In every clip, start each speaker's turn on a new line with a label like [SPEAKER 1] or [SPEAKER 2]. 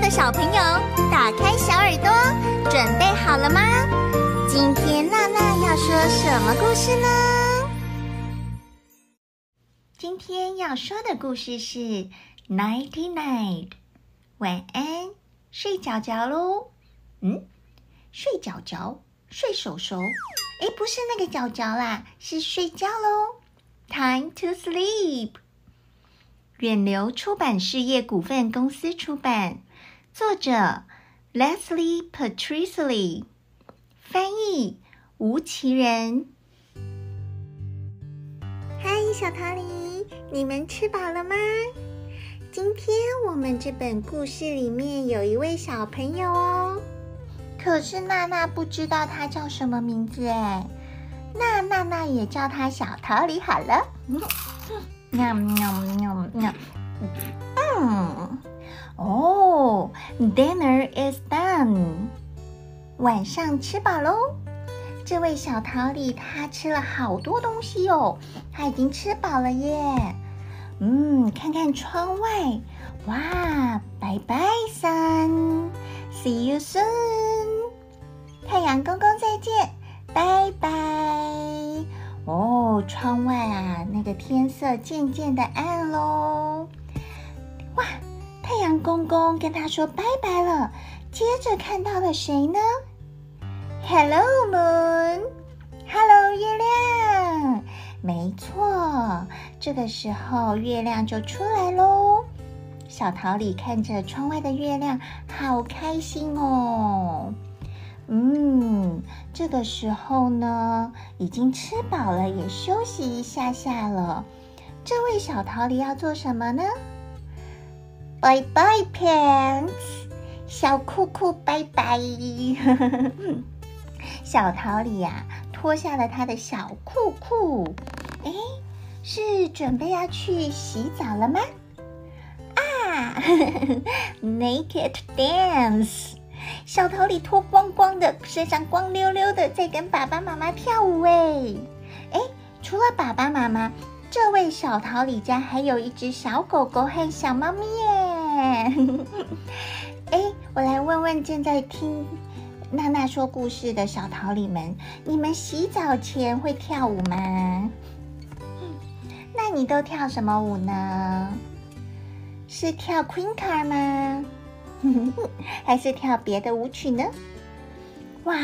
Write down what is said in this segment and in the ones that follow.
[SPEAKER 1] 的小朋友，打開小耳朵，準備好了嗎？今天娜娜要說什麼故事呢？今天要說的故事是《Nighty Night》。晚安，睡覺覺嘍。嗯，睡覺覺，睡手手。哎，不是那個腳腳啦，是睡覺嘍。Time to sleep。遠流出版事業股份公司出版。作者 Leslie Patrice Lee，翻譯吳其人。嗨，小桃李，你們吃飽了嗎？今天我們這本故事裡面有一位小朋友哦，可是娜娜不知道他叫什麼名字哎，那娜娜也叫他小桃李好了。喵喵喵喵，嗯。哦、oh，dinner is done，晚上吃飽嘍。這位小桃李他吃了好多東西哦，他已經吃飽了耶。嗯，看看窗外，哇，拜拜，sun，see you soon，太陽公公再見，拜拜。哦，窗外啊，那個天色漸漸的暗嘍。公公跟他說拜拜了，接着看到了誰呢？Hello Moon，Hello 月亮，沒錯，這個時候月亮就出來嘍。小桃李看着窗外的月亮，好開心哦。嗯，這個時候呢，已經吃飽了，也休息一下下了。這位小桃李要做什麼呢？Bye bye pants，小褲褲拜拜。 小桃李呀、啊，脫下了他的小褲褲，哎，是準備要去洗澡了嗎？啊，naked dance，小桃李脫光光的，身上光溜溜的，在跟爸爸媽媽跳舞哎，哎，除了爸爸媽媽，這位小桃李家還有一隻小狗狗和小貓咪耶。哎，我來問問正在聽娜娜說故事的小桃李們，你們洗澡前會跳舞嗎？那你都跳什麼舞呢？是跳 Queencard 嗎？還是跳別的舞曲呢？哇，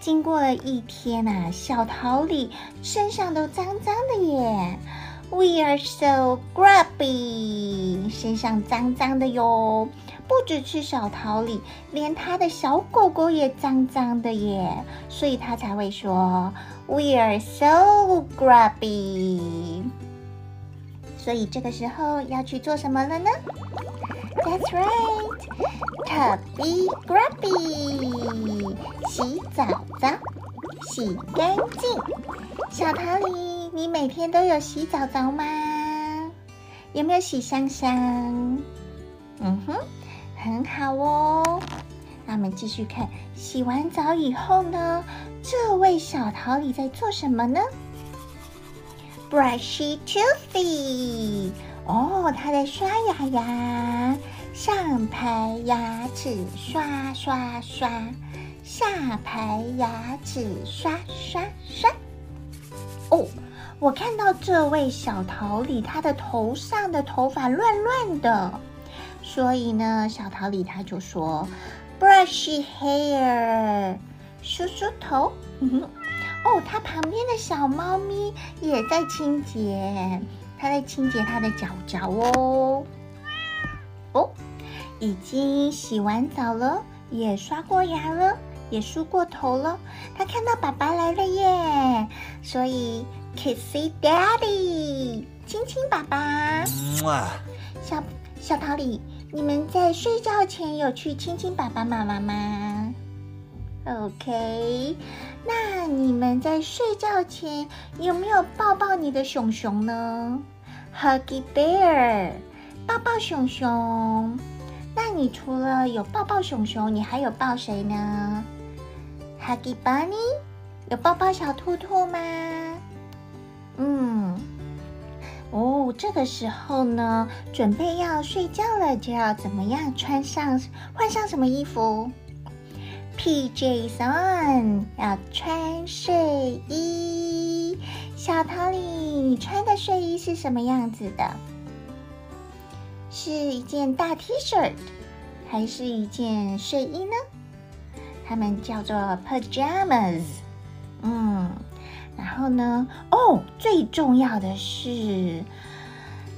[SPEAKER 1] 經過了一天啊，小桃李身上都髒髒的耶。We are so grubby，身上髒髒的喲。不止是小桃李，連它的小狗狗也髒髒的耶。所以它才會說 We are so grubby。所以這個時候要去做什麼了呢？That's right，tubby grubby，洗澡澡，洗乾淨，小桃李。你每天都有洗澡澡嗎？有沒有洗香香？嗯哼，很好哦。那我們繼續看，洗完澡以後呢？這位小桃李在做什麼呢？Brushy toothy。哦，他在刷牙牙。上排牙齒刷刷刷，下排牙齒刷刷刷。哦。我看到這位小桃李，她的頭上的頭髮亂亂的，所以呢，小桃李她就說：“Brush hair，梳梳頭。”嗯哼，哦，他旁邊的小貓咪也在清潔，它在清潔它的腳腳哦。哦，已經洗完澡了，也刷過牙了，也梳過頭了。它看到爸爸來了耶，所以，Kissy Daddy，親親爸爸。哇！小小桃李，你們在睡覺前有去親親爸爸媽媽嗎？OK，那你們在睡覺前有沒有抱抱你的熊熊呢？Huggy Bear，抱抱熊熊。那你除了有抱抱熊熊，你還有抱誰呢？Huggy Bunny，有抱抱小兔兔嗎？這個時候呢，準備要睡覺了，就要怎麼樣，穿上換上什麼衣服？PJs on，要穿睡衣。小桃李，你穿的睡衣是什麼樣子的？是一件大 T s h i r t 還是一件睡衣呢？它們叫做 Pajamas，嗯，然後呢？哦，最重要的是。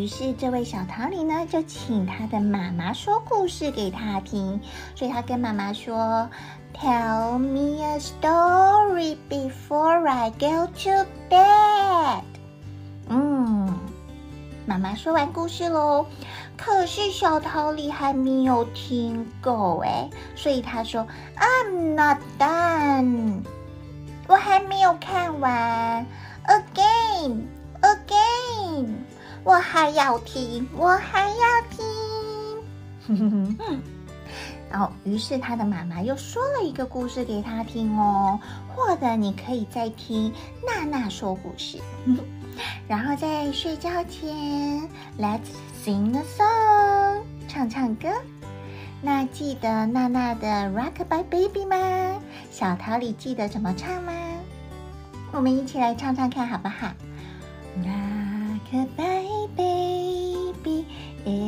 [SPEAKER 1] 於是，這位小桃李呢，就請他的媽媽說故事給他聽。所以他跟媽媽說：“Tell me a story before I go to bed。”嗯，媽媽說完故事嘍，可是小桃李還沒有聽夠誒，所以他說：“I'm not done，我還沒有看完。Again，again again。”我還要聽，我還要聽。然 後、哦，於是他的媽媽又說了一個故事給他聽哦。或者，你可以再聽娜娜說故事。 然後，在睡覺前，Let's sing a song，唱唱歌。那記得娜娜的 Rockabye Baby 嗎？小桃李記得怎麼唱嗎？我們一起來唱唱看好不好？Rockabye。啊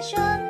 [SPEAKER 1] 他說。